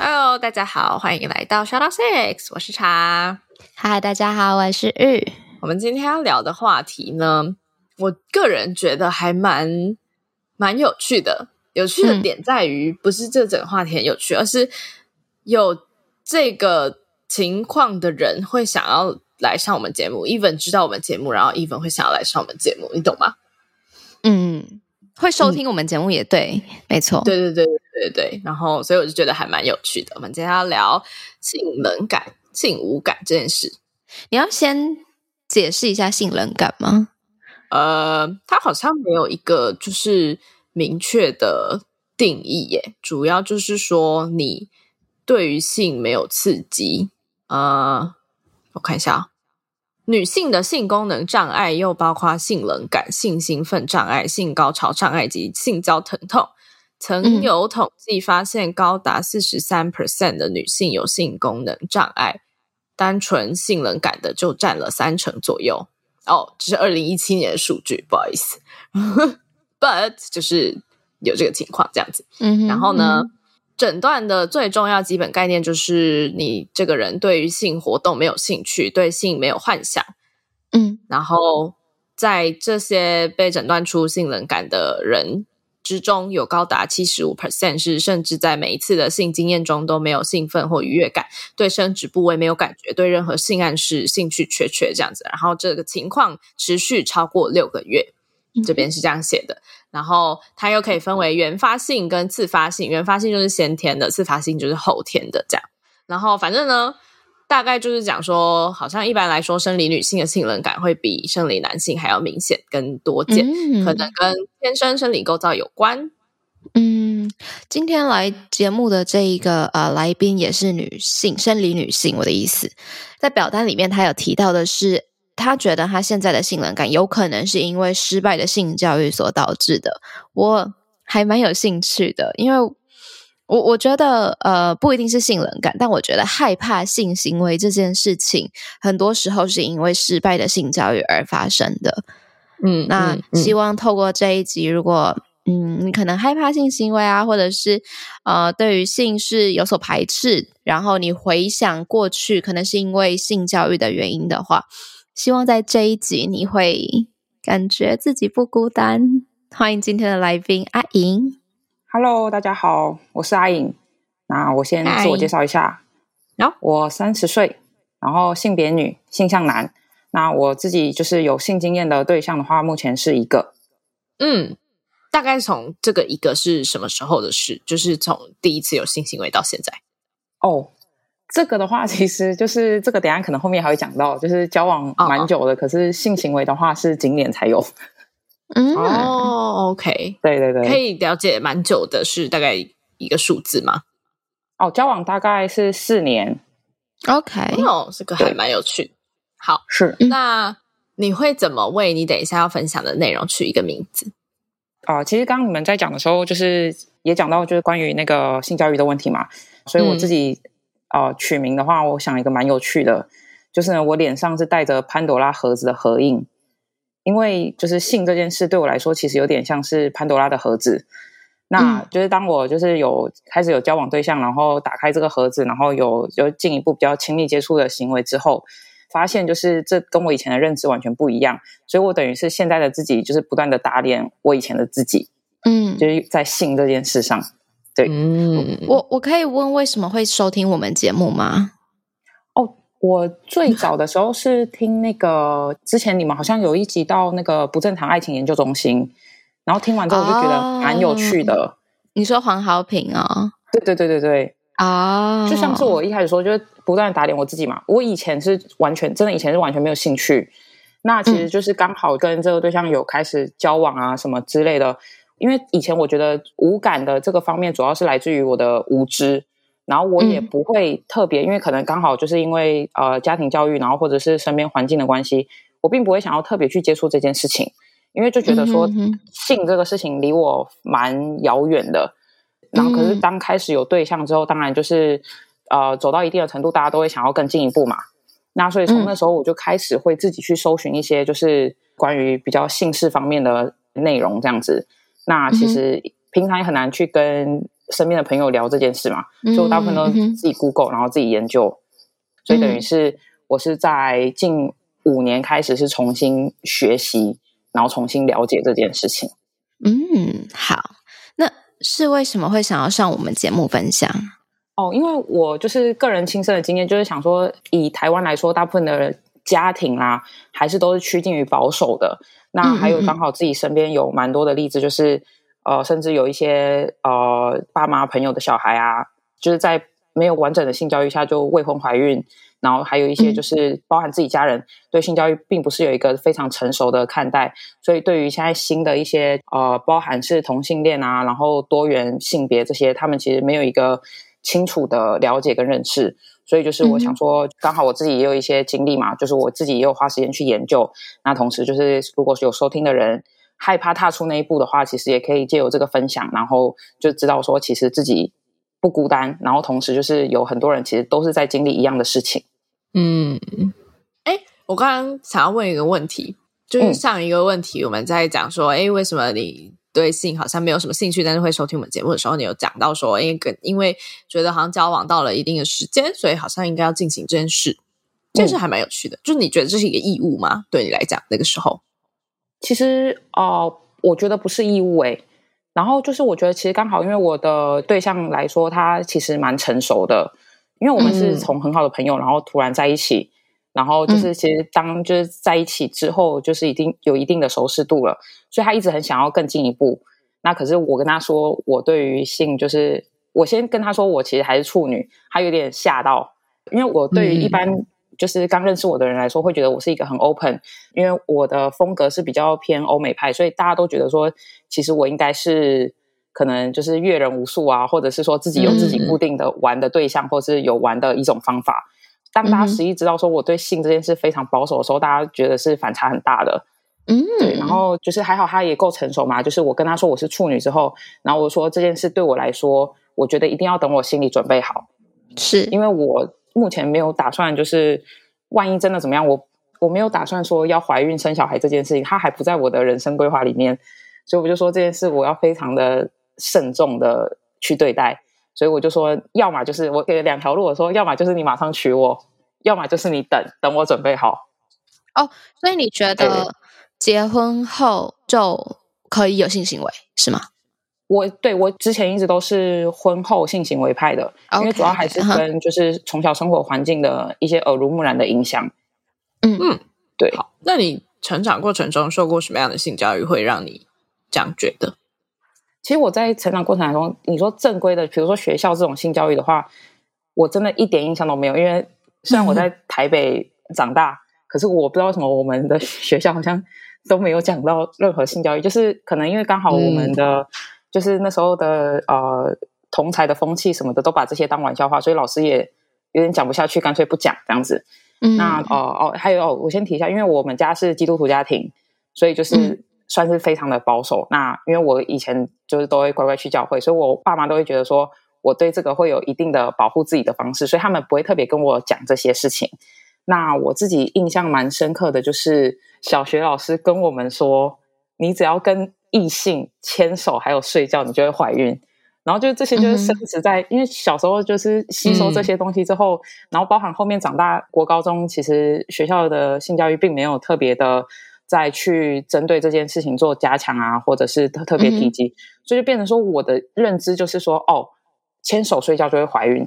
Hello，大家好，歡迎來到 Shout Out Sex，我是茶。Hi，大家好，我是玉。我們今天要聊的話題呢，我個人覺得還蠻蠻有趣的。有趣的點在於，不是這整個話題很有趣，嗯、而是有這個情況的人會想要來上我們節目。Even 知道我們節目，然後 Even 會想要來上我們節目，你懂嗎？嗯，會收聽我們節目也對，嗯、沒錯，對對對。對，對對，然後所以我就覺得還蠻有趣的。我們今天要聊性冷感、性無感這件事。你要先解釋一下性冷感嗎？呃，它好像沒有一個就是明確的定義耶。主要就是說你對於性沒有刺激。呃，我看一下，哦，女性的性功能障礙又包括性冷感、性興奮障礙、性高潮障礙及性交疼痛。曾有統計發現，高達四十三 percent 的女性有性功能障礙，單純性冷感的就占了三成左右。哦，這是二零一七年的數據，不好意思。 But 就是有這個情況這樣子。嗯。然後呢、嗯，診斷的最重要基本概念就是，你這個人對於性活動沒有興趣，對性沒有幻想。嗯。然後，在這些被診斷出性冷感的人。之中，有高達七十五 percent 是，甚至在每一次的性經驗中都沒有興奮或愉悅感，對生殖部位沒有感覺，對任何性暗示興趣缺缺這樣子，然後這個情況持續超過六個月，這邊是這樣寫的。嗯。然後它又可以分為原發性跟自發性，原發性就是先天的，自發性就是後天的這樣。然後反正呢。大概就是講說，好像一般來說，生理女性的性冷感會比生理男性還要明顯更多見，嗯，可能跟天生生理構造有關。嗯，今天來節目的這一個呃來賓也是女性，生理女性，我的意思，在表單裡面她有提到的是，她覺得她現在的性冷感有可能是因為失敗的性教育所導致的。我還蠻有興趣的，因為。我我覺得，呃，不一定是性冷感，但我覺得害怕性行為這件事情，很多時候是因為失敗的性教育而發生的。嗯，那嗯希望透過這一集，如果嗯，你可能害怕性行為啊，或者是呃，對於性是有所排斥，然後你回想過去，可能是因為性教育的原因的話，希望在這一集你會感覺自己不孤單。歡迎今天的來賓阿型。Hello，大家好，我是阿型。那我先自我介紹一下，no? 我三十歲，然後性別女，性向男。那我自己就是有性經驗的對象的話，目前是一個。嗯，大概從這個一個是什麼時候的事？就是從第一次有性行為到現在。哦、oh，這個的話其實就是這個，等下可能後面還會講到，就是交往蠻久的，oh. 可是性行為的話是今年才有。嗯哦、oh,，OK，對對對，可以了解蠻久的是，是大概一個數字嗎？哦，交往大概是四年。OK，哦、oh,，這個還蠻有趣。好，是。那你會怎麼為你等一下要分享的內容取一個名字？哦、嗯呃，其實剛剛你們在講的時候，就是也講到就是關於那個性教育的問題嘛，所以我自己哦、嗯呃，取名的話，我想一個蠻有趣的，就是呢，我臉上是帶着潘朵拉盒子的合影。因為就是性這件事對我來說，其實有點像是潘多拉的盒子。那就是當我就是有開始有交往對象，嗯、然後打開這個盒子，然後有就進一步比較親密接觸的行為之後，發現就是這跟我以前的認知完全不一樣。所以我等於是現在的自己，就是不斷的打臉我以前的自己。嗯，就是在性這件事上，對。嗯，我我可以問為什麼會收聽我們節目嗎？我最早的時候是聽那個之前你們好像有一集到那個不正常愛情研究中心，然後聽完之後我就覺得蠻有趣的。你說黃豪平哦？對對對對對啊！就像是我一開始說，就是不斷打臉我自己嘛。我以前是完全真的，以前是完全沒有興趣。那其實就是剛好跟這個對象有開始交往啊什麼之類的，因為以前我覺得無感的這個方面，主要是來自於我的無知。然後我也不會特別，嗯，因為可能剛好就是因為呃家庭教育，然後或者是身邊環境的關係，我並不會想要特別去接觸這件事情，因為就覺得說性這個事情離我蠻遙遠的。然後可是當開始有對象之後，嗯，當然就是呃走到一定的程度，大家都會想要更進一步嘛。那所以從那時候我就開始會自己去搜尋一些就是關於比較性事方面的內容這樣子。那其實平常也很難去跟。身邊的朋友聊這件事嘛，嗯，所以我大部分都自己 Google，嗯，然後自己研究，嗯。所以等於是我是在近五年開始是重新學習，然後重新了解這件事情。嗯，好，那是為什麼會想要上我們節目分享？哦，因為我就是個人親身的經驗，就是想說以台灣來說，大部分的家庭啦，還是都是趨近於保守的。那還有剛好自己身邊有蠻多的例子，就是。嗯，嗯。呃，甚至有一些呃，爸媽朋友的小孩啊，就是在沒有完整的性教育下就未婚懷孕，然後還有一些就是、嗯、包含自己家人對性教育並不是有一個非常成熟的看待，所以對於現在新的一些呃，包含是同性戀啊，然後多元性別這些，他們其實沒有一個清楚的了解跟認識，所以就是我想說，嗯、剛好我自己也有一些經歷嘛，就是我自己也有花時間去研究，那同時就是如果是有收聽的人。害怕踏出那一步的話，其實也可以借由這個分享，然後就知道說，其實自己不孤單。然後同時就是有很多人，其實都是在經歷一樣的事情。嗯，哎，我剛剛想要問一個問題，就是上一個問題，我們在講說，哎、嗯，為什麼你對性好像沒有什麼興趣，但是會收聽我們節目的時候，你有講到說，哎，因為覺得好像交往到了一定的時間，所以好像應該要進行這件事。這件事還蠻有趣的，嗯、就是你覺得這是一個義務嗎？對你來講，那個時候。其實哦、呃，我覺得不是義務誒，然後就是，我覺得其實剛好，因為我的對象來說，他其實蠻成熟的。因為我們是從很好的朋友、嗯，然後突然在一起，然後就是其實當就是在一起之後，就是一定有一定的熟識度了、嗯。所以他一直很想要更進一步。那可是我跟他說，我對於性就是，我先跟他說，我其實還是處女，他有點嚇到，因為我對於一般、嗯。就是剛認識我的人來說，會覺得我是一個很 open，因為我的風格是比較偏歐美派，所以大家都覺得說，其實我應該是可能就是閱人無數啊，或者是說自己有自己固定的玩的對象，嗯、或者是有玩的一種方法。當大家實際知道說我對性這件事非常保守的時候，大家覺得是反差很大的，嗯，對。然後就是還好他也夠成熟嘛，就是我跟他說我是處女之後，然後我說這件事對我來說，我覺得一定要等我心理準備好，是因為我目前沒有打算，就是萬一真的怎麼樣，我我沒有打算說要懷孕生小孩這件事情，它還不在我的人生規劃裡面，所以我就說這件事我要非常的慎重的去對待，所以我就說，要麼就是我給了兩條路，我說，要麼就是你馬上娶我，要麼就是你等等我準備好。哦，所以你覺得結婚後就可以有性行為，是嗎？我對我之前一直都是婚後性行為派的，okay, 因為主要還是跟就是從小生活環境的一些耳濡目染的影響。嗯，對。好，那你成長過程中受過什麼樣的性教育，會讓你這樣覺得？其實我在成長過程中，你說正規的，比如說學校這種性教育的話，我真的一點印象都沒有。因為雖然我在台北長大，嗯、可是我不知道為什麼我們的學校好像都沒有講到任何性教育，就是可能因為剛好我們的、嗯。就是那時候的呃，同才的風氣什麼的，都把這些當玩笑話，所以老師也有點講不下去，乾脆不講這樣子。嗯、那哦、呃、哦，還有、哦、我先提一下，因為我們家是基督徒家庭，所以就是算是非常的保守。嗯、那因為我以前就是都會乖乖去教會，所以我爸媽都會覺得說，我對這個會有一定的保護自己的方式，所以他們不會特別跟我講這些事情。那我自己印象蠻深刻的，就是小學老師跟我們說，你只要跟。異性牽手還有睡覺，你就會懷孕。然後就這些就是生殖在，因為小時候就是吸收這些東西之後，然後包含後面長大，國高中其實學校的性教育並沒有特別的再去針對這件事情做加強啊，或者是特特別提及，所以就變成說我的認知就是說，哦，牽手睡覺就會懷孕。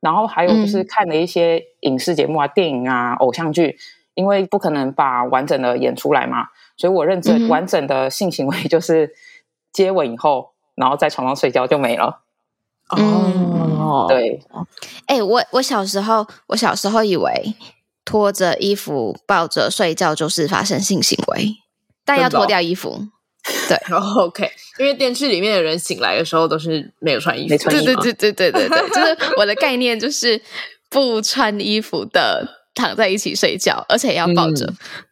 然後還有就是看了一些影視節目啊、電影啊、偶像劇，因為不可能把完整的演出來嘛。所以，我認真，完整的性行為就是接吻以後，嗯，然後在床上睡覺就沒了。哦，對，哎、欸，我我小時候，我小時候以為脫着衣服抱着睡覺就是發生性行為，但要脫掉衣服。對 ，OK，因為電視裡面的人醒來的時候都是沒有穿衣服，對對對對對對對，就是我的概念就是不穿衣服的。躺在一起睡覺，而且也要抱着，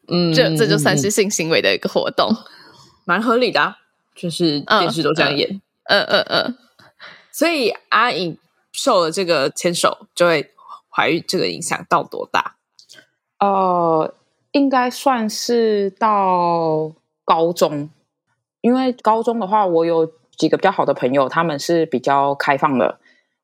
嗯，這、嗯、這就算是性行為的一個活動，蠻、嗯嗯嗯、合理的、啊，就是電視都這樣演，嗯嗯嗯，嗯。所以阿型受了這個牽手，就會懷孕，這個影響到多大？哦、呃，應該算是到高中，因為高中的話，我有幾個比較好的朋友，他們是比較開放的。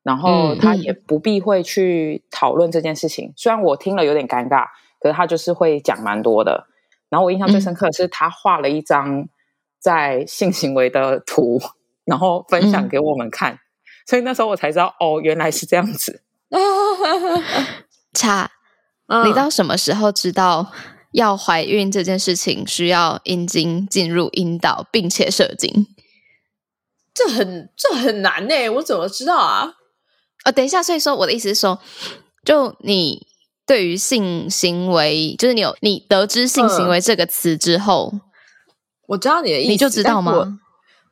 然後他也不避諱去討論這件事情、嗯嗯，雖然我聽了有點尷尬，可是他就是會講蠻多的。然後我印象最深刻的是他畫了一張在性行為的圖，嗯、然後分享給我們看、嗯，所以那時候我才知道哦，原來是這樣子。茶、啊啊啊，你到什麼時候知道要懷孕這件事情需要陰莖進入陰道並且射精？這很這很難呢、欸。我怎麼知道啊？啊、哦，等一下，所以說我的意思是說，就你對於性行為，就是你有你得知性行為這個詞之後、嗯，我知道你的意思，你就知道嗎？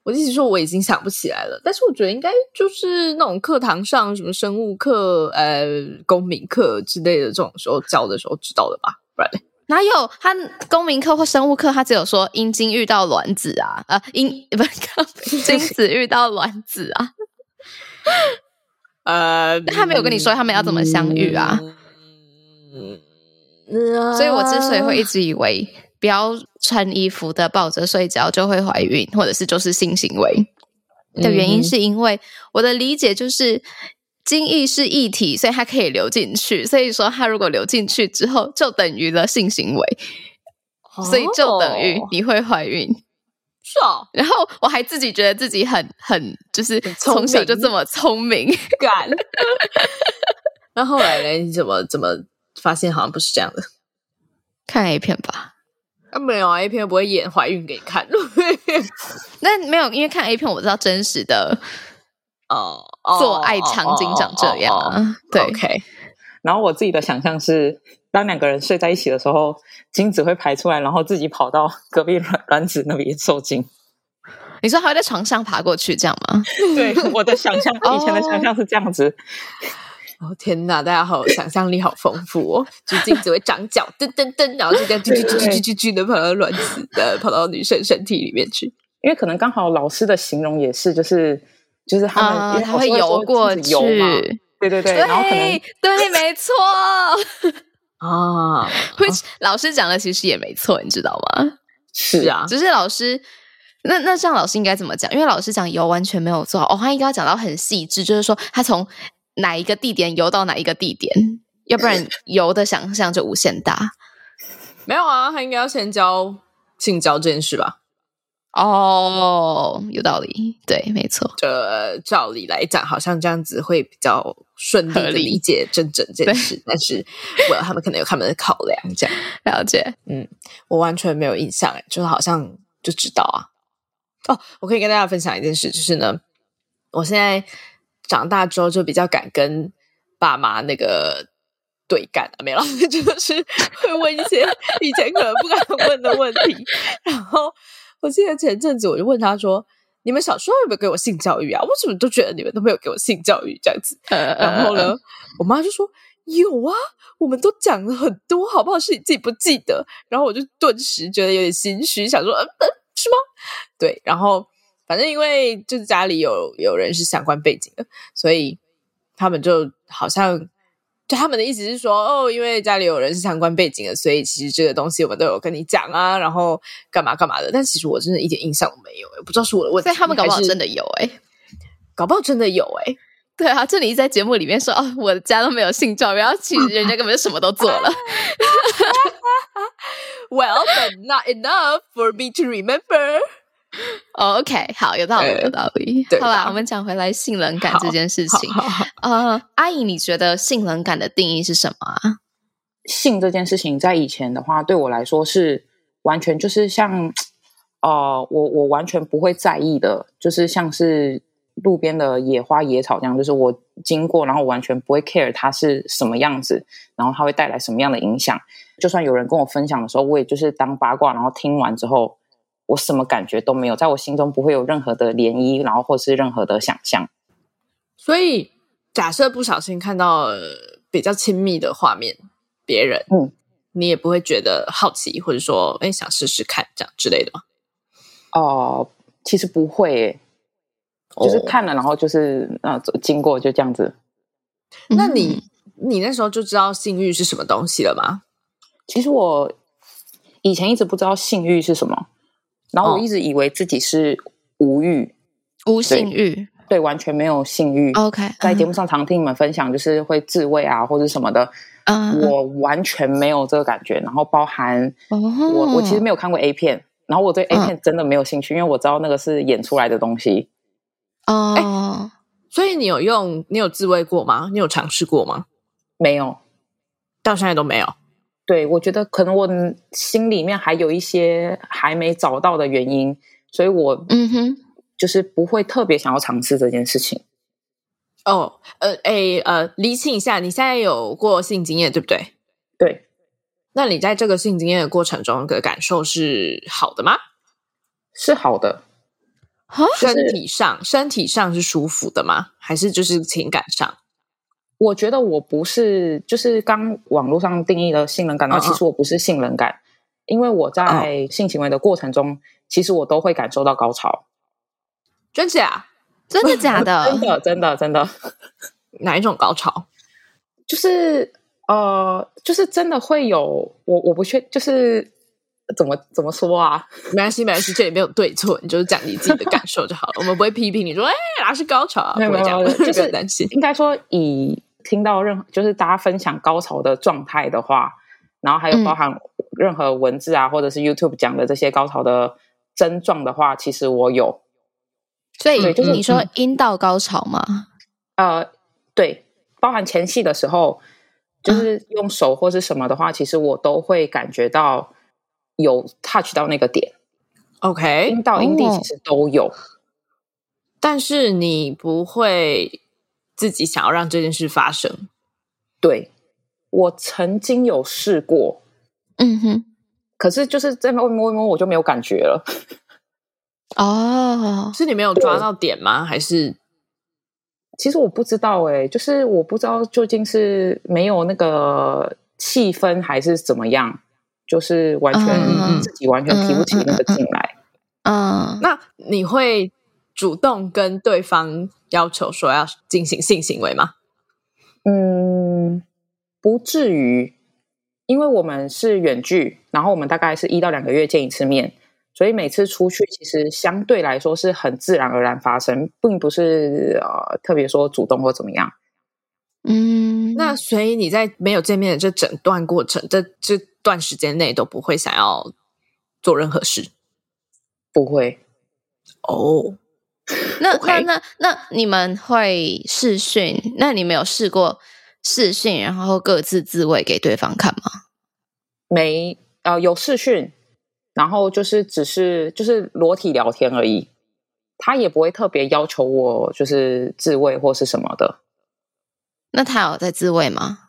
我的意思說我已經想不起來了，但是我覺得應該就是那種課堂上什麼生物課、呃，公民課之類的這種時候教的時候知道的吧？Right. 哪有他公民課或生物課，他只有說陰莖遇到卵子啊，啊、呃，陰不是精子遇到卵子啊。 呃，他沒有跟你說他們要怎麼相遇啊？所以，我之所以會一直以為不要穿衣服的抱着睡覺，就會懷孕，或者是就是性行為的原因，是因為我的理解就是精液是液體，所以它可以流進去。所以說，它如果流進去之後，就等於了性行為，所以就等於你會懷孕。Oh. 是哦、啊，然後我還自己覺得自己很很就是，從小就這麼聰明，敢。那後來呢？你怎麼怎麼發現好像不是這樣的？看 A 片吧。那、啊、沒有啊，A 片不會演懷孕給你看。 那 沒有，因為看 A 片我知道真實的哦，做愛場景長這樣。對。然後我自己的想象是，當兩個人睡在一起的時候，精子會排出來，然後自己跑到隔壁卵卵子那邊受精。你說還會在床上爬過去這樣嗎？ 對，我的想象，oh. 以前的想象是這樣子。哦、oh. oh, 天哪，大家好， 想象力好豐富哦！就精子會長腳噔噔噔，然後就這樣，啾啾啾啾啾啾的跑到卵子的， 跑到女生身體裡面去。因為可能剛好老師的形容也是，就是就是他們，uh, 會他會游過去。對對對，對然後對、啊，沒錯啊，會、啊、老師講的其實也沒錯，你知道嗎？是啊，只是老師那那這樣老師應該怎麼講？因為老師講游完全沒有錯，哦，他應該要講到很細緻，就是說他從哪一個地點游到哪一個地點， 要不然游的想象就無限大。沒有啊，他應該要先教性交這件事吧？哦，有道理，對，沒錯，這照理來講，好像這樣子會比較。順利的理解真正這件事，但是我 他們可能有他們的考量，這樣了解。嗯，我完全沒有印象，就是好像就知道啊。哦，我可以跟大家分享一件事，就是呢，我現在長大之後就比較敢跟爸媽那個對幹啊，沒了老就是會問一些以前可能不敢問的問題。 然後我記得前陣子我就問他說。你們小時候有沒有給我性教育啊？我怎麼都覺得你們都沒有給我性教育這樣子。嗯，然後呢，嗯，我媽就說有啊，我們都講了很多，好不好？是你自己不記得。然後我就頓時覺得有點心虛，想說嗯嗯，是嗎？對。然後反正因為就是家裡有有人是相關背景的，所以他們就好像。就他們的意思是說，哦，因為家裡有人是相關背景的，所以其實這個東西我們都有跟你講啊，然後幹嘛幹嘛的。但其實我真的一點印象都沒有，不知道是我的問題。所以他們搞不好真的有哎，搞不好真的有哎。對啊，就你一在節目裡面說，哦，我的家都沒有姓趙，然後其實人家根本就什麼都做了。 Well, but not enough for me to remember. Oh, OK，好，有道理，有道理。呃、好啦好，我們講回來性冷感這件事情。呃，uh, 阿型，你覺得性冷感的定義是什麼啊？性這件事情，在以前的話，對我來說是完全就是像，呃，我我完全不會在意的，就是像是路邊的野花野草這樣，就是我經過，然後我完全不會 care 它是什麼樣子，然後它會帶來什麼樣的影響。就算有人跟我分享的時候，我也就是當八卦，然後聽完之後。我什麼感覺都沒有，在我心中不會有任何的漣漪，然後或是任何的想象。所以，假設不小心看到、呃、比較親密的畫面，別人，嗯，你也不會覺得好奇，或者說，哎，想試試看這樣之類的嗎？哦，其實不會，就是看了，哦、然後就是呃，經過就這樣子。那你、嗯，你那時候就知道性欲是什麼東西了嗎？其實我以前一直不知道性欲是什麼。然後我一直以為自己是無欲、oh. 無性慾。對，對，完全沒有性慾。OK，在節目上常聽你們分享，就是會自慰啊，或者什麼的。嗯、uh -huh.，我完全沒有這個感覺。然後包含我，、uh -huh. 我，我其實沒有看過 A 片，然後我對 A 片真的沒有興趣，uh -huh. 因為我知道那個是演出來的東西。哦，哎，所以你有用？你有自慰過嗎？你有嘗試過嗎？沒有，到現在都沒有。對，我覺得可能我心裡面還有一些還沒找到的原因，所以我嗯哼，就是不會特別想要嘗試這件事情。哦，呃，哎，呃，理清一下，你現在有過性經驗對不對？對。那你在這個性經驗的過程中的感受是好的嗎？是好的。就是，身體上，身體上是舒服的嗎？還是就是情感上？我覺得我不是就是剛網絡上定義的性冷感，其實我不是性冷感，uh -huh. 因為我在性行為的過程中，uh -huh. 其實我都會感受到高潮。真的假？真的假的？真的真的真的。真的真的 哪一種高潮？就是呃，就是真的會有我，我不確就是。怎麼怎麼說啊？沒關係，沒關係，這裡沒有對錯， 你就是講你自己的感受就好了。我們不會批評你說，哎、欸，哪是高潮啊？沒有沒有，沒有，就是擔心。 應該說以，以聽到任何就是大家分享高潮的狀態的話，然後還有包含任何文字啊，嗯、或者是 YouTube 講的這些高潮的症狀的話，其實我有。所以，所以就是你說陰道高潮嗎、嗯？呃，對，包含前戲的時候，就是用手或是什麼的話，嗯、其實我都會感覺到。有 touch 到那個點，OK，陰道、陰蒂其實都有，oh. 但是你不會自己想要讓這件事發生。對，我曾經有試過，嗯哼，可是就是在摸一摸我就沒有感覺了。哦、 oh.，是你沒有抓到點嗎？還是其實我不知道哎、欸，就是我不知道究竟是沒有那個氣氛還是怎麼樣。就是完全、嗯、自己完全提不起那個勁來嗯嗯嗯。嗯，那你會主動跟對方要求說要進行性行為嗎？嗯，不至於，因為我們是遠距，然後我們大概是一到兩個月見一次面，所以每次出去其實相對來說是很自然而然發生，並不是呃特別說主動或怎麼樣。嗯，那所以你在沒有見面的這整段過程，這這。段時間內都不會想要做任何事，不會。哦、oh, okay，那那那那你們會視訊，那你沒有試過視訊然後各自自慰給對方看嗎？沒，啊、呃，有視訊然後就是只是就是裸體聊天而已。他也不會特別要求我就是自慰或是什麼的。那他有在自慰嗎？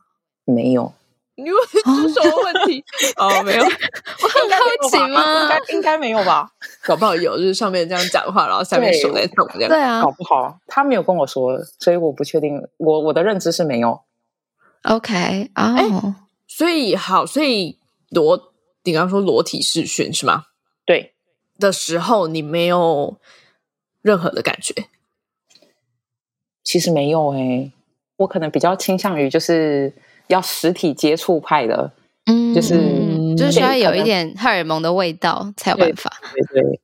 沒有。你問出什麼問題？哦， 哦沒有，我很好奇嗎？應該沒有吧？啊、有吧 搞不好有，就是上面這樣講話，然後下面手在抖這樣對。對啊，搞不好他沒有跟我說，所以我不確定。我我的認知是沒有。OK 啊、oh. 欸，所以好，所以裸，你剛剛說裸體視訊是嗎？對。的時候，你沒有任何的感覺。其實沒有誒、欸，我可能比較傾向於就是。要實體接觸派的，嗯，就是就是需要有，有一點荷爾蒙的味道才有辦法。對，對對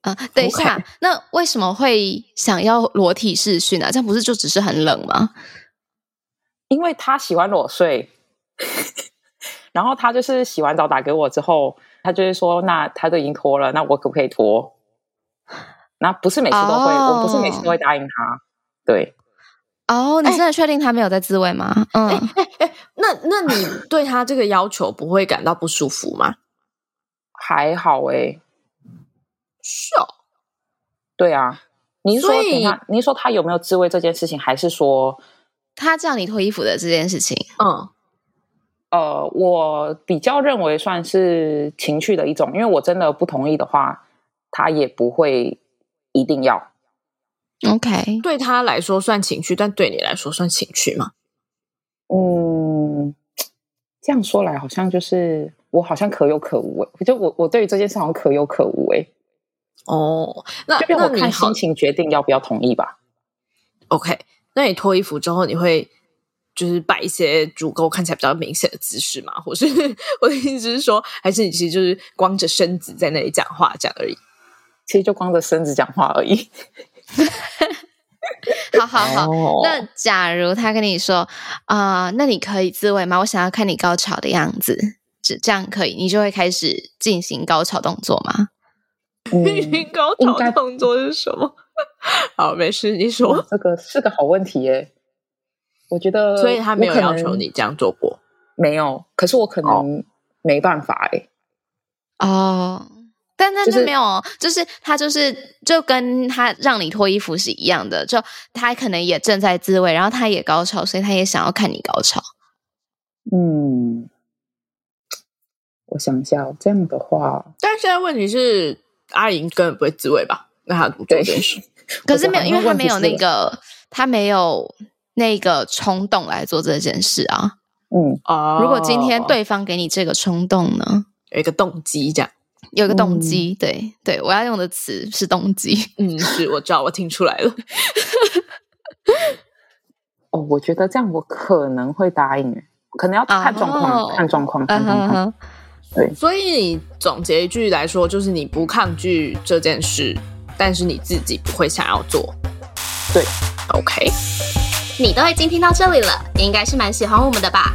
啊，等一下，那為什麼會想要裸體視訊啊？這樣不是就只是很冷嗎？因為他喜歡裸睡，然後他就是洗完澡打給我之後，他就會說：“那他都已經脫了，那我可不可以脫？”那不是每次都會，哦，我不是每次都會答應他，對。哦、oh,，你真的確定他沒有在自慰嗎？欸、嗯，欸欸、那那你對他這個要求不會感到不舒服嗎？ 還好誒、欸。是哦，對啊。你說你他，你說他有沒有自慰這件事情，還是說他叫你脫衣服的這件事情？嗯，呃，我比較認為算是情趣的一種，因為我真的不同意的話，他也不會一定要。OK，對他來說算情趣，但對你來說算情趣嗎？嗯，這樣說來好像就是我好像可有可無，就我我對於這件事好像可有可無哎。哦，那那我看那那心情決定要不要同意吧。OK，那你脫衣服之後，你會就是擺一些足夠看起來比較明顯的姿勢嗎？或是我的意思是說，還是你其實就是光着身子在那裡講話，講而已。其實就光着身子講話而已。 好好好，oh. 那假如他跟你說啊、呃，那你可以自慰嗎？我想要看你高潮的樣子，這這樣可以？你就會開始進行高潮動作嗎？進、嗯、行高潮動作是什麼？好，沒事，你說、哦、這個是個好問題耶、欸。我覺得我，所以他沒有要求你這樣做過？沒有。可是我可能沒辦法哎、欸。哦。但他就沒有，就是、就是、他就是就跟他讓你脫衣服是一樣的，就他可能也正在自慰，然後他也高潮，所以他也想要看你高潮。嗯，我想一下，這樣的話，但現在問題是，阿型根本不會自慰吧？那他這件事， 可是沒有，沒有，因為他沒有那個他沒有那個衝動來做這件事啊。嗯啊，如果今天對方給你這個衝動呢，哦、有一個動機這樣。有一個動機，嗯，對對，我要用的詞是動機。嗯，是，我知道， 我聽出來了。 哦，我覺得這樣我可能會答應，可能要看狀況，uh-huh，看狀況，看狀況，嗯嗯。對，所以總結一句來說，就是你不抗拒這件事，但是你自己不會想要做。對，OK。你都已經聽到這裡了，你應該是蠻喜歡我們的吧？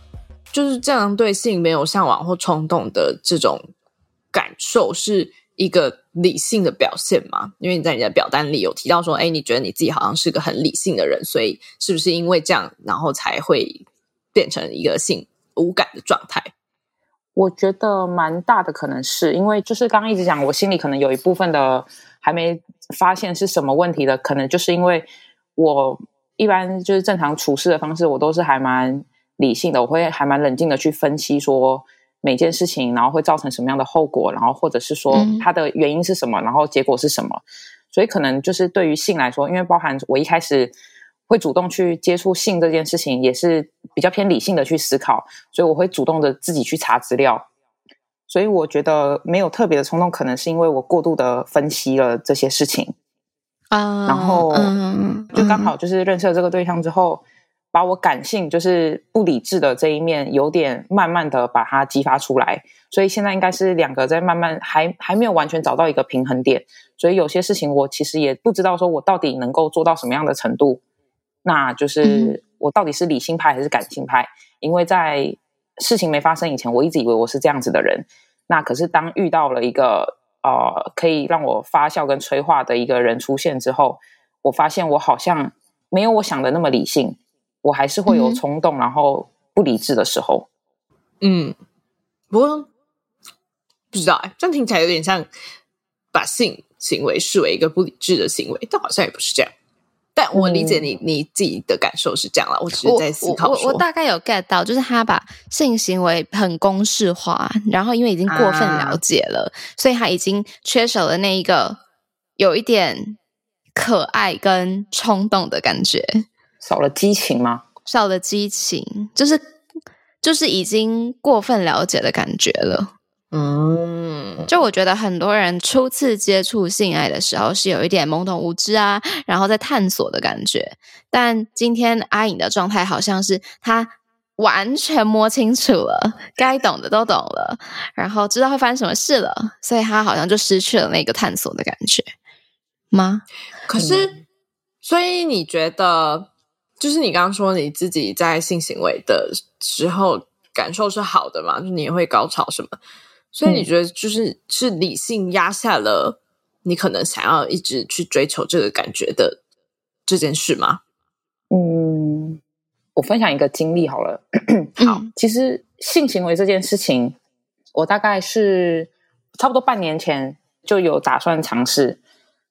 就是這樣對性沒有嚮往或衝動的這種感受，是一個理性的表現嗎？因為你在你的表單裡有提到說，哎，你覺得你自己好像是個很理性的人，所以是不是因為這樣，然後才會變成一個性無感的狀態？我覺得蠻大的，可能是因為就是剛剛一直講，我心裡可能有一部分的還沒發現是什麼問題的，可能就是因為我一般就是正常處事的方式，我都是還蠻。理性的，我會還蠻冷靜的去分析，說每件事情，然後會造成什麼樣的後果，然後或者是說它的原因是什麼，然後結果是什麼。所以可能就是對於性來說，因為包含我一開始會主動去接觸性這件事情，也是比較偏理性的去思考，所以我會主動的自己去查資料。所以我覺得沒有特別的衝動，可能是因為我過度的分析了這些事情啊。然後就剛好就是認識了這個對象之後，把我感性就是不理智的這一面有點慢慢的把它激發出來，所以現在應該是兩個在慢慢還還沒有完全找到一個平衡點，所以有些事情我其實也不知道說我到底能夠做到什麼樣的程度，那就是我到底是理性派還是感性派？因為在事情沒發生以前，我一直以為我是這樣子的人，那可是當遇到了一個呃可以讓我發酵跟催化的一個人出現之後，我發現我好像沒有我想的那麼理性。我還是會有衝動、嗯，然後不理智的時候。嗯，不過不知道哎，這樣聽起來有點像把性行為視為一個不理智的行為，但好像也不是這樣。但我理解你，嗯、你自己的感受是這樣了。我只是在思考說我我我，我大概有 get 到，就是他把性行為很公式化，然後因為已經過分了解了，啊、所以他已經缺少了那一個有一點可愛跟衝動的感覺。少了激情嗎？少了激情，就是就是已經過分了解的感覺了。嗯，就我覺得很多人初次接觸性愛的時候是有一點懵懂無知啊，然後在探索的感覺。但今天阿型的狀態好像是他完全摸清楚了，該懂的都懂了，然後知道會發生什麼事了，所以他好像就失去了那個探索的感覺嗎？可是、嗯，所以你覺得？就是你剛剛說你自己在性行為的時候感受是好的嘛？就你也會高潮什麼？所以你覺得就是是理性壓下了你可能想要一直去追求這個感覺的這件事嗎？嗯，我分享一個經歷好了。 好，其實性行為這件事情，我大概是差不多半年前就有打算嘗試，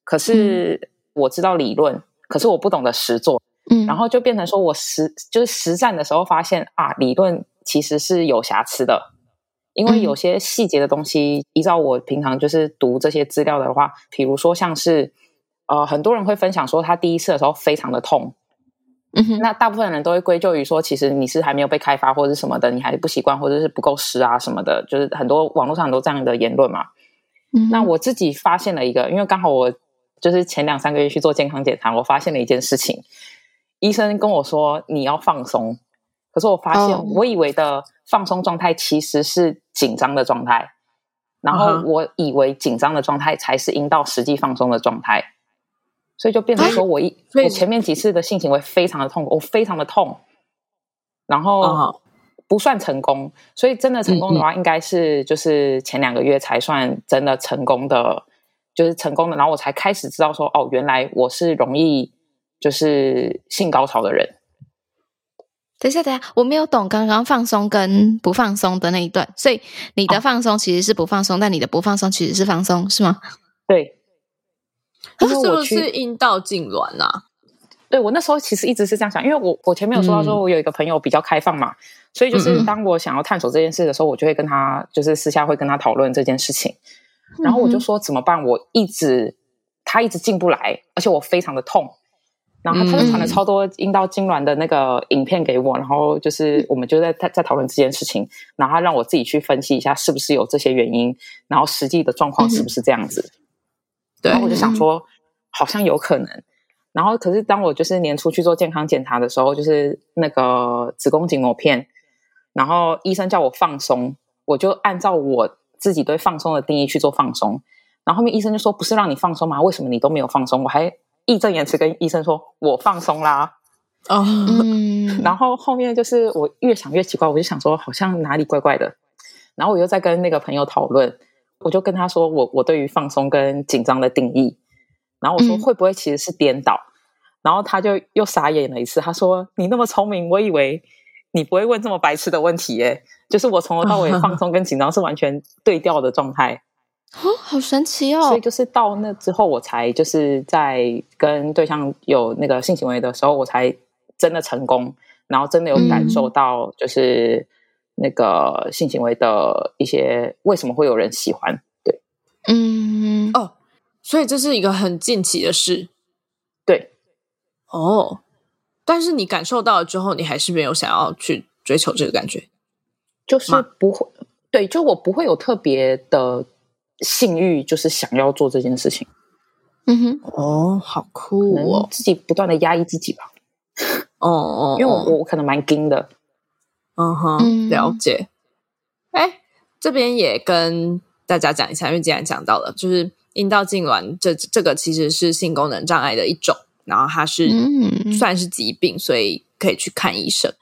可是我知道理論，嗯、可是我不懂得實作。嗯、然後就變成說，我實就是實戰的時候發現啊，理論其實是有瑕疵的，因為有些細節的東西，嗯、依照我平常就是讀這些資料的話，比如說像是呃，很多人會分享說他第一次的時候非常的痛，嗯哼，那大部分人都會歸咎於說，其實你是還沒有被開發或者什麼的，你還是不習慣或者是，是不夠濕啊什麼的，就是很多網絡上很多這樣的言論嘛。嗯，那我自己發現了一個，因為剛好我就是前兩三個月去做健康檢查，我發現了一件事情。醫生跟我說你要放鬆，可是我發現我以為的放鬆狀態其實是緊張的狀態，oh. 然後我以為緊張的狀態才是陰道實際放鬆的狀態，uh -huh. 所以就變成說我一、uh -huh. 我前面幾次的性行為非常的痛苦，uh -huh. 我非常的痛，然後不算成功，所以真的成功的話，應該是就是前兩個月才算真的成功的，uh -huh. 就是成功的，然後我才開始知道說哦，原來我是容易。就是性高潮的人。等一下等一下，我沒有懂剛剛放鬆跟不放鬆的那一段，所以你的放鬆其實是不放鬆，啊，但你的不放鬆其實是放鬆，是嗎？對。他、啊、是不是陰道痙攣啊？對，我那時候其實一直是這樣想，因為我我前面有說到說，我有一個朋友比較開放嘛、嗯，所以就是當我想要探索這件事的時候，我就會跟他就是私下會跟他討論這件事情，然後我就說怎麼辦？我一直他一直進不來，而且我非常的痛。然後他就傳了超多陰道痙攣的那個影片給我、嗯，然後就是我們就在在，在討論這件事情，然後他讓我自己去分析一下是不是有這些原因，然後實際的狀況是不是這樣子。嗯、然後我就想說，好像有可能、嗯。然後可是當我就是年初去做健康檢查的時候，就是那個子宮頸抹片，然後醫生叫我放鬆，我就按照我自己對放鬆的定義去做放鬆。然後後面醫生就說：“不是讓你放鬆嗎？為什麼你都沒有放鬆？”我還。義正言辭跟醫生說：“我放鬆啦。”啊，然後後面就是我越想越奇怪，我就想說好像哪裡怪怪的。然後我又在跟那個朋友討論，我就跟他說我：“我我對於放鬆跟緊張的定義。”然後我說：“會不會其實是顛倒、嗯？”然後他就又傻眼了一次，他說：“你那麼聰明，我以為你不會問這麼白痴的問題耶。”就是我從頭到尾放鬆跟緊張是完全對調的狀態。 哦，好神奇哦！所以就是到那之後，我才就是在跟對象有那個性行為的時候，我才真的成功，然後真的有感受到就是那個性行為的一些為什麼會有人喜歡。對，嗯，哦，所以這是一個很近期的事。對，哦，但是你感受到了之後，你還是沒有想要去追求這個感覺，就是不會，對，就我不會有特別的。性慾就是想要做這件事情，嗯哼，哦，好酷哦，自己不斷的壓抑自己吧哦哦，因為我我可能蠻驚的，嗯哼，了解。哎、嗯，這邊也跟大家講一下，因為既然講到了，就是陰道痙攣，這這個其實是性功能障礙的一種，然後它是嗯嗯嗯算是疾病，所以可以去看醫生。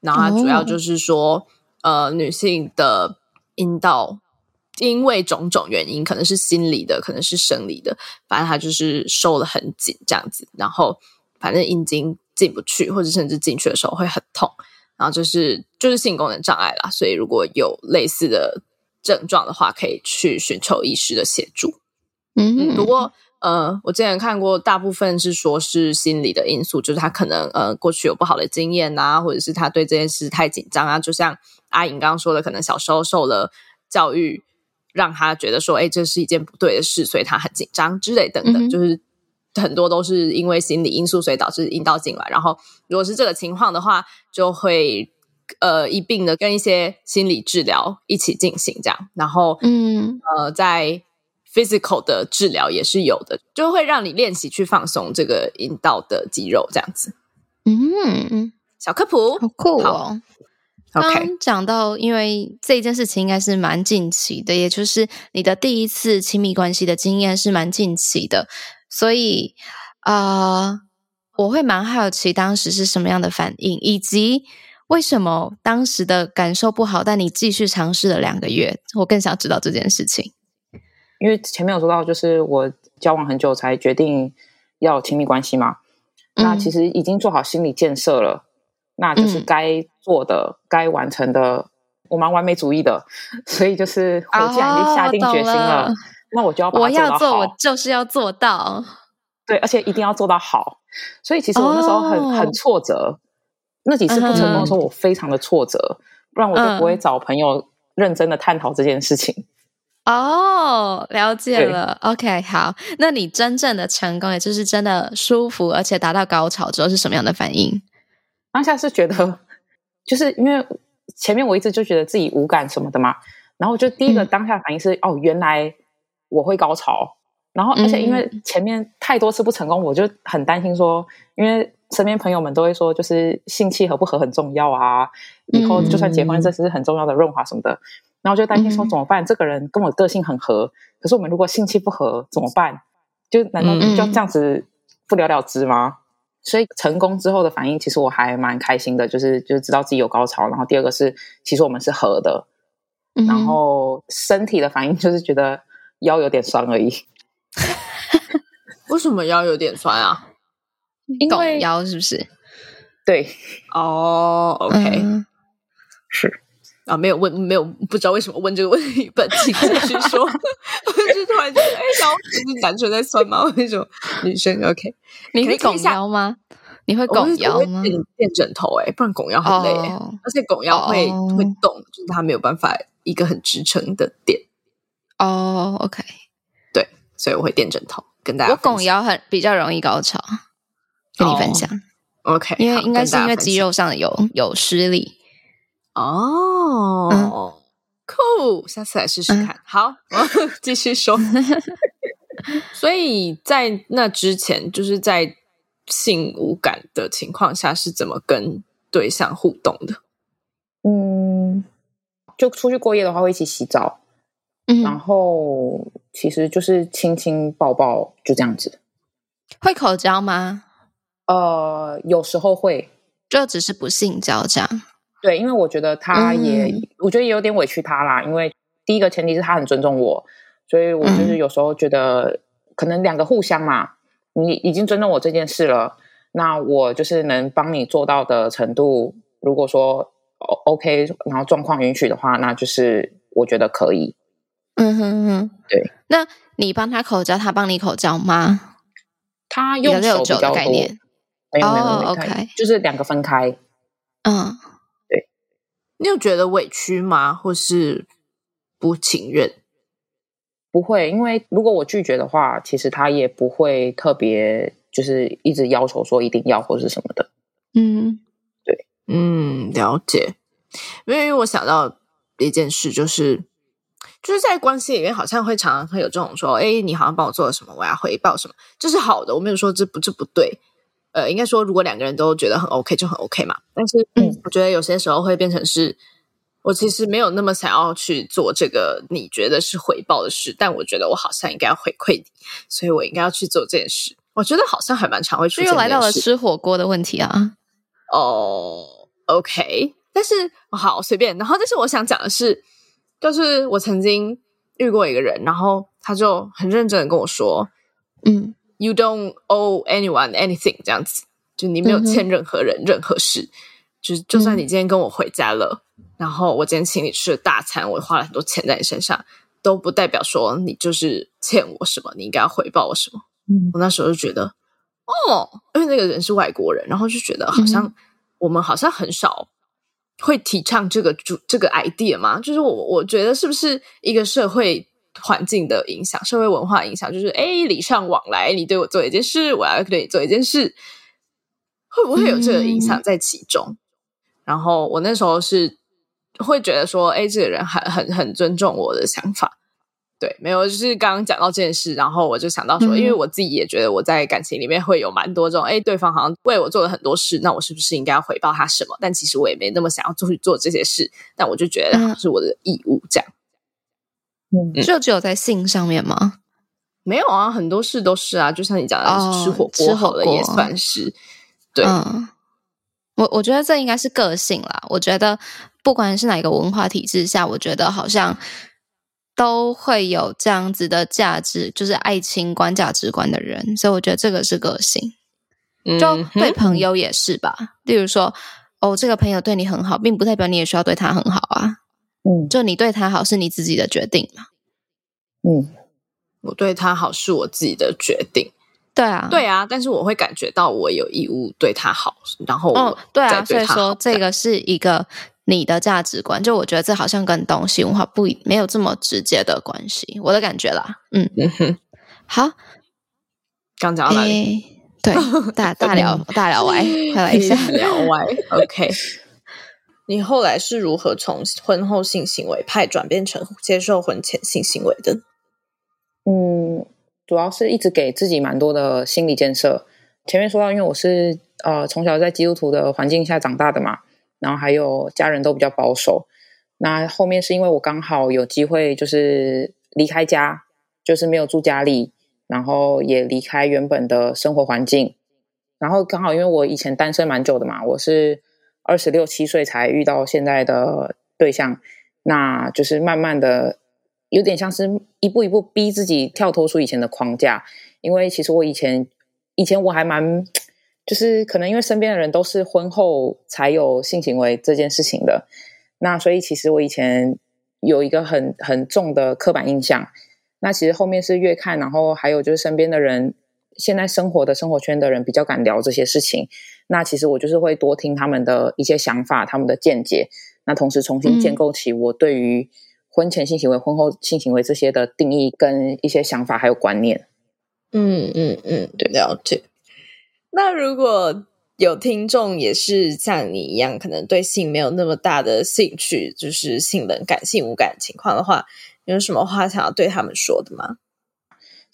然後它主要就是說、哦，呃，女性的陰道。因為種種原因，可能是心理的，可能是生理的，反正他就是收得很緊這樣子，然後反正陰莖進不去，或者甚至進去的時候會很痛，然後就是就是性功能障礙啦。所以如果有類似的症狀的話，可以去尋求醫師的協助。嗯哼，不、嗯、過呃，我之前看過，大部分是說是心理的因素，就是他可能呃過去有不好的經驗啊，或者是他對這件事太緊張啊，就像阿型剛剛說的，可能小時候受了教育。讓他覺得說，哎，這是一件不對的事，所以他很緊張之類等等，嗯、就是很多都是因為心理因素，所以導致陰道痙攣。然後，如果是這個情況的話，就會呃一併的跟一些心理治療一起進行，這樣。然後，嗯，呃，在 physical 的治療也是有的，就會讓你練習去放鬆這個陰道的肌肉，這樣子。嗯，小科普，好酷哦。Okay. 剛講到，因為這件事情應該是蠻近期的，也就是你的第一次親密關係的經驗是蠻近期的，所以啊，呃，我會蠻好奇當時是什麼樣的反應，以及為什麼當時的感受不好，但你繼續嘗試了兩個月，我更想知道這件事情。因為前面有說到，就是我交往很久才決定要親密關係嘛，嗯，那其實已經做好心理建設了。那就是該做的、嗯、該完成的。我蠻完美主義的，所以就是，我既然已經下定決心了，哦、懂了那我就要把它做到好。我要做我就是要做到，對，而且一定要做到好。所以其實我那時候很、哦、很挫折，那幾次不成功的時候我非常的挫折、嗯，不然我就不會找朋友認真的探討這件事情。嗯、哦，了解了。OK，好。那你真正的成功，也就是真的舒服，而且達到高潮之後是什麼樣的反應？當下是覺得，就是因為前面我一直就覺得自己無感什麼的嘛，然後就第一個當下反應是、嗯、哦，原來我會高潮，然後而且因為前面太多次不成功，嗯、我就很擔心說，因為身邊朋友們都會說，就是性氣合不合很重要啊、嗯，以後就算結婚，這是很重要的潤滑什麼的，然後就擔心說，怎麼辦、嗯？這個人跟我個性很合，可是我們如果性氣不合，怎麼辦？就難道就這樣子不了了之嗎？嗯嗯嗯所以成功之後的反應，其實我還蠻開心的，就是就知道自己有高潮。然後第二個是，其實我們是合的、嗯。然後身體的反應就是覺得腰有點酸而已。 為什麼腰有點酸啊？因為腰是不是？對哦、oh，OK、嗯、是。啊，沒有問，沒有不知道為什麼問這個問題。本請繼續說。我 就突然就 哎，腰是不是男生在酸嗎？為什麼女生？OK，你會拱腰嗎？你會拱腰嗎？墊枕頭、欸，哎，不然拱腰很累，、欸，oh. 而且拱腰會、oh. 會動，就是它沒有辦法一個很支撐的點。哦、oh,，OK，對，所以我會墊枕頭跟大家。我拱腰很比較容易高潮，跟你分享。Oh. OK，因為應該是因為肌肉上有有施力。哦、oh, 嗯、Cool，下次來試試看。嗯、好，繼續說。 所以在那之前，就是在性無感的情況下，是怎麼跟對象互動的？嗯，就出去過夜的話，會一起洗澡，嗯。然後其實就是親親抱抱，就這樣子。會口交嗎？呃，有時候會，就只是不性交這樣。嗯對，因為我覺得他也、嗯，我覺得也有點委屈他啦。因為第一個前提是，他很尊重我，所以我就是有時候覺得、嗯，可能兩個互相嘛，你已經尊重我這件事了，那我就是能幫你做到的程度，如果說 OK，然後狀況允許的話，那就是我覺得可以。嗯哼哼，對。那你幫他口交，他幫你口交嗎？他用手比較多，哦、oh，OK，就是兩個分開，嗯。你有覺得委屈嗎？或是不情願？不會，因為如果我拒絕的話，其實他也不會特別就是一直要求說一定要或是什麼的。嗯，對，嗯，了解。因為我想到一件事，就是就是在關係裡面，好像會常常會有這種說：“哎，你好像幫我做了什麼，我要回報什麼。”這是好的，我沒有說這不這不對。呃，應該說，如果兩個人都覺得很 OK，就很 OK 嘛。但是，嗯，我覺得有些時候會變成是，嗯，我其實沒有那麼想要去做這個你覺得是回報的事，但我覺得我好像應該要回饋你，所以我應該要去做這件事。我覺得好像還蠻常會出現，又來到了吃火鍋的問題啊。哦、oh，OK。但是好隨便。然後，但是我想講的是，就是我曾經遇過一個人，然後他就很認真的跟我說，嗯。You don't owe anyone anything，這樣子，就你沒有欠任何人、嗯、任何事。就是，就算你今天跟我回家了、嗯，然後我今天請你吃了大餐，我花了很多錢在你身上，都不代表說你就是欠我什麼，你應該要回報我什麼、嗯。我那時候就覺得，哦，因為那個人是外國人，然後就覺得好像、嗯、我們好像很少會提倡這個主這個 idea 嘛，就是我我覺得是不是一個社會。環境的影響、社會文化影響，就是哎，禮尚往來，你對我做一件事，我要對你做一件事，會不會有這個影響在其中？嗯嗯，然後我那時候是會覺得說，哎，這個人很很很尊重我的想法。對，沒有，就是剛剛講到這件事，然後我就想到說，嗯嗯，因為我自己也覺得我在感情裡面會有蠻多這種，哎，對方好像為我做了很多事，那我是不是應該要回報他什麼？但其實我也沒那麼想要做做這些事，但我就覺得他是我的義務這樣。嗯就只有在性上面嗎、嗯？沒有啊，很多事都是啊，就像你講的，哦、是吃火鍋好了，也算是。對，嗯、我我覺得這應該是個性啦。我覺得不管是哪一個文化體制下，我覺得好像都會有這樣子的價值，就是愛情觀價值觀的人。所以我覺得這個是個性。就對朋友也是吧、嗯？例如說，哦，這個朋友對你很好，並不代表你也需要對他很好啊。嗯，就你對他好是你自己的決定嘛？嗯，我對他好是我自己的決定。對啊，對啊，但是我會感覺到我有義務對他好，然後哦，對啊，所以說這個是一個你的價值觀。就我覺得這好像跟東西文化不沒有這麼直接的關係，我的感覺啦。嗯嗯哼，好，剛講到哪裡？對，大大聊，大聊完，快 來一下，聊完，OK。你後來是如何從婚後性行為派轉變成接受婚前性行為的？嗯，主要是一直給自己蠻多的心理建設。前面說到，因為我是呃從小在基督徒的環境下長大的嘛，然後還有家人都比較保守。那後面是因為我剛好有機會，就是離開家，就是沒有住家裡，然後也離開原本的生活環境。然後剛好因為我以前單身蠻久的嘛，我是。二十六七歲才遇到現在的對象，那就是慢慢的，有點像是一步一步逼自己跳脫出以前的框架。因為其實我以前，以前我還蠻，就是可能因為身邊的人都是婚後才有性行為這件事情的，那所以其實我以前有一個很很重的刻板印象。那其實後面是越看，然後還有就是身邊的人。現在生活的生活圈的人比較敢聊這些事情，那其實我就是會多聽他們的一些想法、他們的見解，那同時重新建構起我對於婚前性行為、嗯、婚後性行為這些的定義跟一些想法還有觀念。嗯嗯嗯，對，了解。那如果有聽眾也是像你一樣，可能對性沒有那麼大的興趣，就是性冷感、性無感情況的話，有什麼話想要對他們說的嗎？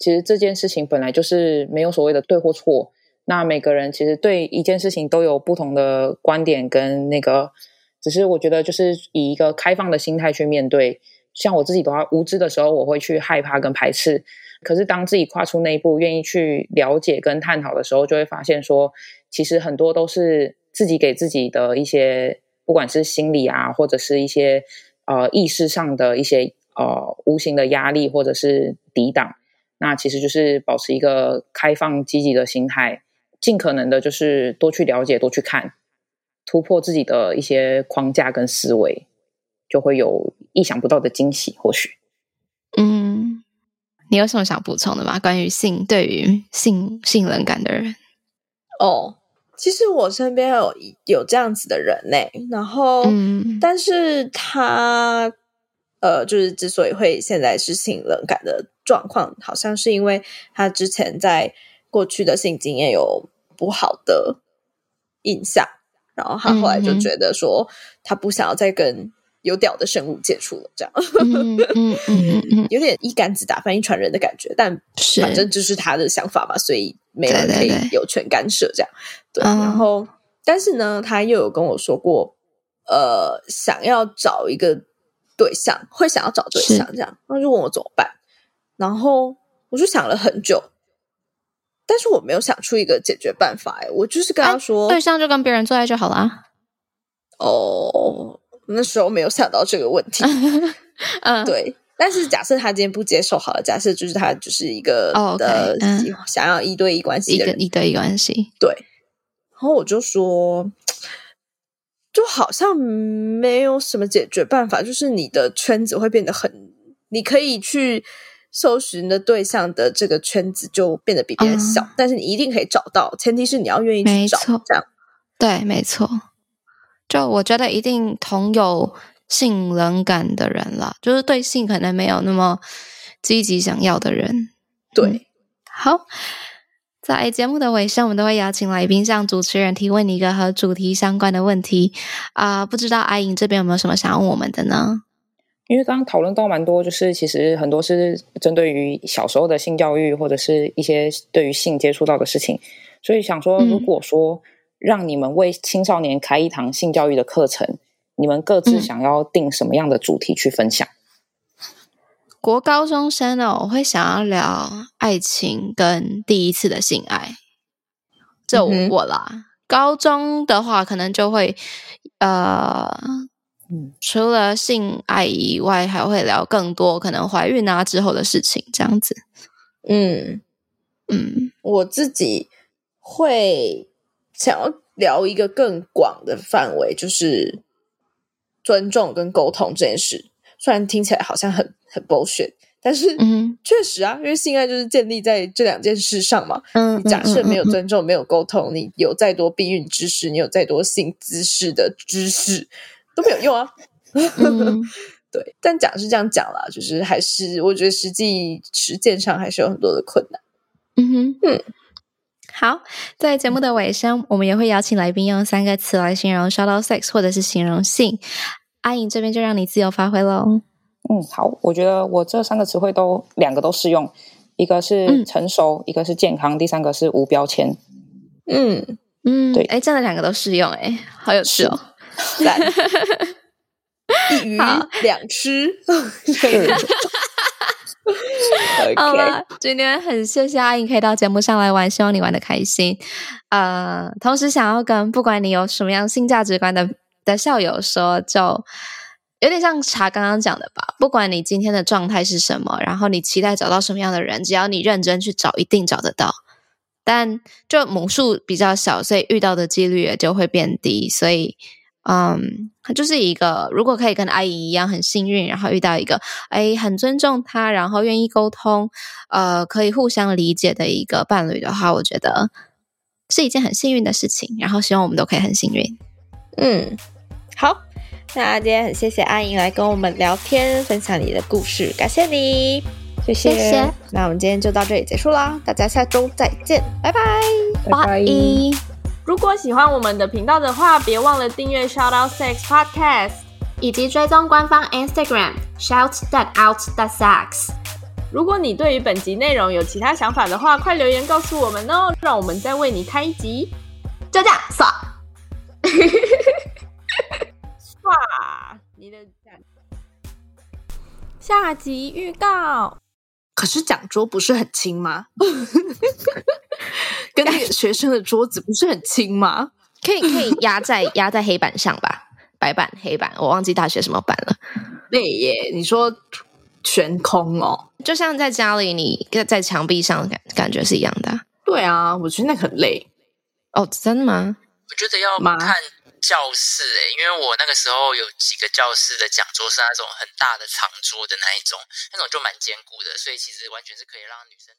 其實這件事情本來就是沒有所謂的對或錯。那每個人其實對一件事情都有不同的觀點跟那個，只是我覺得就是以一個開放的心態去面對。像我自己的話，無知的時候我會去害怕跟排斥。可是當自己跨出那一步，願意去了解跟探討的時候，就會發現說，其實很多都是自己給自己的一些，不管是心理啊，或者是一些，呃，意識上的一些，呃，無形的壓力，或者是抵擋。那其實就是保持一個開放積極的心態，盡可能的就是多去了解、多去看，突破自己的一些框架跟思維，就會有意想不到的驚喜。或許，嗯，你有什麼想補充的嗎？關於性，對於性性冷感的人，哦，其實我身邊有有這樣子的人、欸、然後，嗯，但是他。呃，就是之所以會現在是性冷感的狀況，好像是因為他之前在過去的性經驗有不好的印象，然後他後來就覺得說他不想要再跟有屌的生物接觸了，這樣、嗯 嗯嗯嗯嗯，有點一竿子打翻一船人的感覺，但反正就是他的想法嘛，所以沒人可以有權干涉這樣。對，對，對，對，哦，然後但是呢，他又有跟我說過，呃，想要找一個。對象，會想要找對象這樣，那就問我怎麼辦，然後我就想了很久，但是我沒有想出一個解決辦法。哎，我就是跟他說，啊、對象就跟別人做愛就好了。哦，那時候沒有想到這個問題、 嗯。對。但是假設他今天不接受好了，假設就是他就是一個的想要一對一關係的人，一對一關係。對。然後我就說。就好像沒有什麼解決辦法，就是你的圈子會變得很，你可以去搜尋的對象的這個圈子就變得比較小，uh, 但是你一定可以找到，前提是你要願意去找。沒錯，這樣。對，沒錯。就我覺得一定同有性冷感的人了，就是對性可能沒有那麼積極想要的人。對。嗯，好。在節目的尾聲，我們都會邀請來賓向主持人提問，你一個和主題相關的問題。啊、呃，不知道阿型這邊有沒有什麼想問我們的呢？因為剛剛討論到蠻多，就是其實很多是針對於小時候的性教育，或者是一些對於性接觸到的事情，所以想說，如果說讓你們為青少年開一堂性教育的課程，嗯、你們各自想要定什麼樣的主題去分享？國高中生呢，我會想要聊愛情跟第一次的性愛，就我啦、嗯。高中的話，可能就會呃、嗯，除了性愛以外，還會聊更多，可能懷孕啊之後的事情這樣子。嗯嗯，我自己會想要聊一個更廣的範圍，就是尊重跟溝通這件事。雖然聽起來好像很很 bullshit，但是、嗯、確實啊，因為性愛就是建立在這兩件事上嘛。嗯，你假設沒有尊重、嗯嗯嗯，沒有溝通，你有再多避孕知識，你有再多性姿勢的知識都沒有用啊。 嗯、 對，但講是這樣講啦，就是還是我覺得實際實踐上還是有很多的困難。嗯哼，嗯。好，在節目的尾聲、嗯，我們也會邀請來賓用三個詞來形容 “Shout Out Sex” 或者是形容性。阿型這邊就讓你自由發揮嘍。嗯，好，我覺得我這三個詞彙都兩個都適用，一個是成熟、嗯，一個是健康，第三個是無標籤。嗯嗯，對，哎、嗯，真的兩個都適用，哎，好有趣哦。來 一魚兩吃。 okay、好了，今天很謝謝阿型可以到節目上來玩，希望你玩得開心。呃，同時想要跟不管你有什麼樣性價值觀的，的校友說，就有點像茶剛剛講的吧。不管你今天的狀態是什麼，然後你期待找到什麼樣的人，只要你認真去找，一定找得到。但就母數比較小，所以遇到的幾率也就會變低。所以，嗯，就是一個如果可以跟阿型一樣很幸運，然後遇到一個哎很尊重他，然後願意溝通，呃，可以互相理解的一個伴侶的話，我覺得是一件很幸運的事情。然後，希望我們都可以很幸運。嗯，好，那今天很謝謝阿型來跟我們聊天，分享你的故事，感謝你，謝謝。謝謝。那我們今天就到這裡結束啦，大家下周再見，拜拜，拜拜。如果喜歡我們的頻道的話，別忘了訂閱 Shout Out Sex Podcast，以及追蹤官方 Instagram Shout out sex。如果你對於本集內容有其他想法的話，快留言告訴我們哦，讓我們再為你開一集。就這樣，撒。嘿 你的講下,下集預告，可是講桌不是很輕嗎？ 跟學生的桌子不是很輕嗎 可？可以可以壓在壓在黑板上吧？ 白板黑板，我忘記大學什麼板了。累耶，你說全空哦，就像在家裡你，你在牆壁上感感覺是一樣的。對啊，我覺得那很累。哦，真的嗎？我覺得要看教室欸，因為我那個時候有幾個教室的講桌是那種很大的長桌的那一種，那種就蠻堅固的，所以其實完全是可以讓女生。